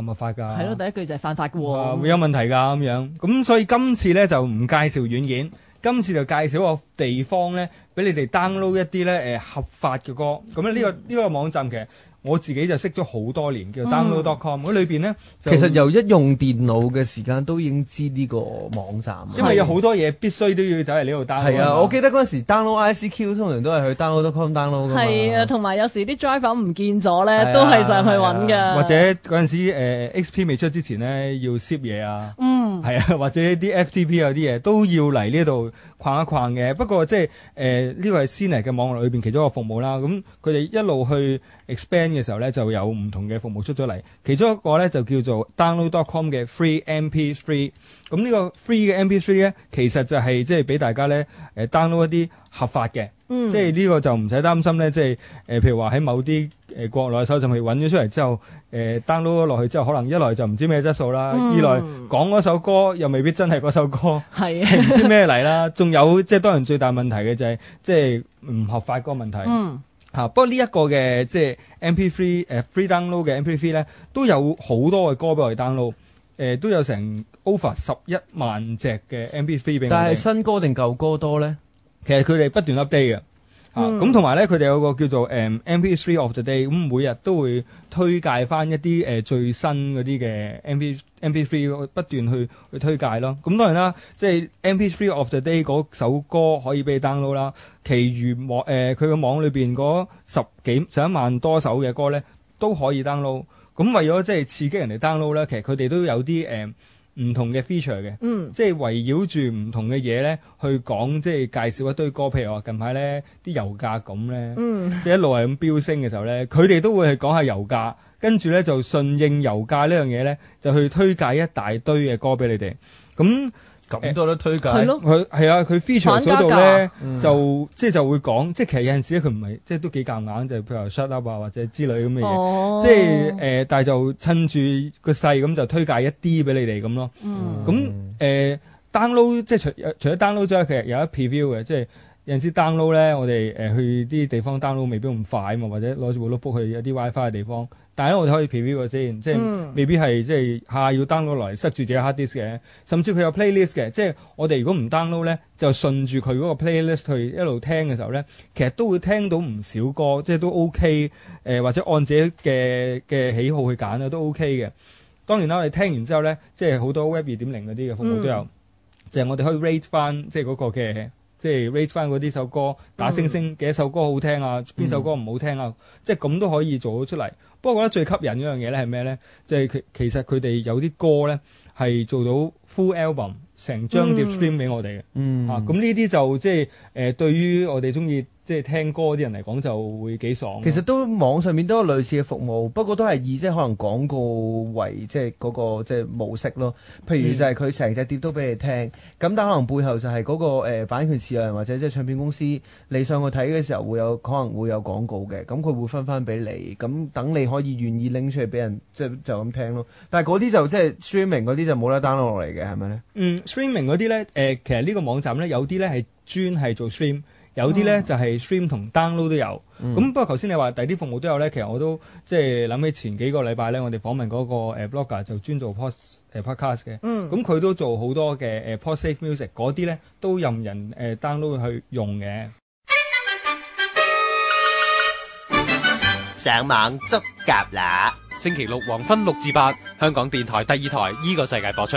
係咪法噶？係咯，第一句就係犯法噶喎、啊，會有問題㗎咁樣，咁所以今次咧就唔介紹軟件，今次就介紹個地方咧，俾你哋 download 一啲咧誒合法嘅歌。咁呢、呢個呢、呢個網站其實～我自己就識咗好多年叫 download.com，嗰裏邊、嗯、咧其實由一用電腦嘅時間都已經知呢個網站，因為有好多嘢必須都要走嚟呢度 download。係啊，吧我記得嗰陣時 download I C Q 通常都係去 download.com download 嘅嘛。係啊，同埋有，有時啲 driver 唔見咗咧，都係上去揾㗎、啊啊。或者嗰陣時、呃、X P 未出之前咧，要卸嘢啊。係啊，或者啲 FTP 有啲嘢都要嚟呢度逛一逛嘅。不過即係誒呢個係 CNET 嘅網絡裏邊其中一個服務啦。咁佢哋一路去 expand 嘅時候咧，就有唔同嘅服務出咗嚟。其中一個咧就叫做 download.com 嘅 Free MP3。咁呢個 Free 嘅 MP3 咧，其實就係即係俾大家咧誒、呃、download 一啲合法嘅。嗯、即係呢個就唔使擔心咧，即係誒、呃，譬如話喺某啲誒、呃、國內嘅搜尋器，揾咗出嚟之後，誒、呃、download 落去之後，可能一來就唔知咩質素啦，嗯、二來講嗰首歌又未必真係嗰首歌，係唔、嗯、知咩嚟啦。仲 有即係當然最大問題嘅就係、是、即係唔合法歌問題。吓、嗯啊，不過呢一個嘅即係 MP3 誒、呃、Free Download 嘅 MP3 咧，都有好多嘅歌俾我哋 download，誒、呃、都有成 over 十一萬隻嘅 MP3 俾我。但係新歌定舊歌多咧？呢其實佢哋不斷 update 嘅。嚇、咁同埋咧，佢哋有，有個叫做誒 MP3 of the day，咁每日都會推介翻一啲誒最新嗰啲嘅 MP MP3 不斷去去推介咯。咁當然啦，即係 MP3 of the day 嗰首歌可以俾你 download 啦。其餘網誒佢嘅網裏邊嗰十幾十一萬多首嘅歌咧，都可以 download。咁為咗即係刺激人哋 download 咧，其實佢哋都有啲誒。呃唔同嘅 feature 嘅，即係圍繞住唔同嘅嘢咧，去講，即係介紹一堆歌。譬如話近排咧啲油價咁咧，嗯、即係一路係咁飆升嘅時候咧，佢哋都會去講下油價，跟住咧就順應油價呢樣嘢咧，就去推介一大堆嘅歌俾你哋。咁。咁多都推介，佢係啊，佢 feature 嗰度咧就即係就會講，即係其實有陣時咧佢唔係即係都幾夾硬，硬，就係、譬如 shut up 啊或者之類咁嘅嘢，哦、即係誒、呃，但係就趁住個勢咁就推介一啲俾你哋咁咯。咁誒、嗯呃、download 即係除除咗 download 之外，其實有一 preview 嘅，即係。有陣時 download 咧，我哋誒、呃、去啲地方 download 未必咁快啊嘛，或者攞住部 notebook 去一啲 WiFi 嘅地方，但係咧我哋可以 preview 先，即係未必係即係下要 download 落嚟塞住自己 hard disk 嘅，甚至佢有 playlist 嘅，即係我哋如果唔 download 咧，就順住佢嗰個 playlist 去一路聽嘅時候咧，其實都會聽到唔少歌，即係都 OK 誒、呃，或者按自己嘅嘅喜好去揀啊都 OK 嘅。當然啦，我哋聽完之後咧，即係好多 Web 二點零嗰啲嘅服務都有，嗯、就係我哋可以 rate 翻即係嗰、嗰個嘅。即係 rate 翻嗰啲首歌，打星星幾、嗯、首歌好聽啊，邊首歌唔好聽啊，即係咁都可以做咗出嚟。不過我覺得最吸引一樣嘢咧係咩咧？即係其其實佢哋有啲歌咧係做到 full album。成張碟 stream 俾我哋嘅，嚇咁呢啲就即係誒，對於我哋中意即係聽歌啲人嚟講就會幾爽。其實都網上面都有類似嘅服務，不過都係以即係可能廣告為即係嗰、嗰個即係模式咯。譬如就係佢成隻碟都俾你聽，咁、嗯、但可能背後就係嗰、嗰個、呃、版權持有人或者即係唱片公司，你上去睇嘅時候會有可能會有廣告嘅，咁佢會分翻俾你，咁等你可以願意拎出嚟俾人即係就咁聽咯。但係嗰啲就即係 streaming 嗰啲就冇得 download 落嚟嘅，係咪咧？嗯。Streaming 嗰啲咧，誒、呃，其實呢個網站咧有啲咧係專係做 stream，有啲咧就係、是、stream 同 download 都有。咁、嗯、不過頭先你話，第啲服務都有咧，其實我都即係諗起前幾個禮拜咧，我哋訪問嗰、那個誒、呃、blogger 就專做 pod、呃、podcast 嘅。嗯，咁佢都做好多嘅誒 podsafe music，嗰啲咧都任人誒、呃、download 去用嘅。上網捉蛤乸啦！星期六黃昏六至八，香港電台第二台依、這個世界播出。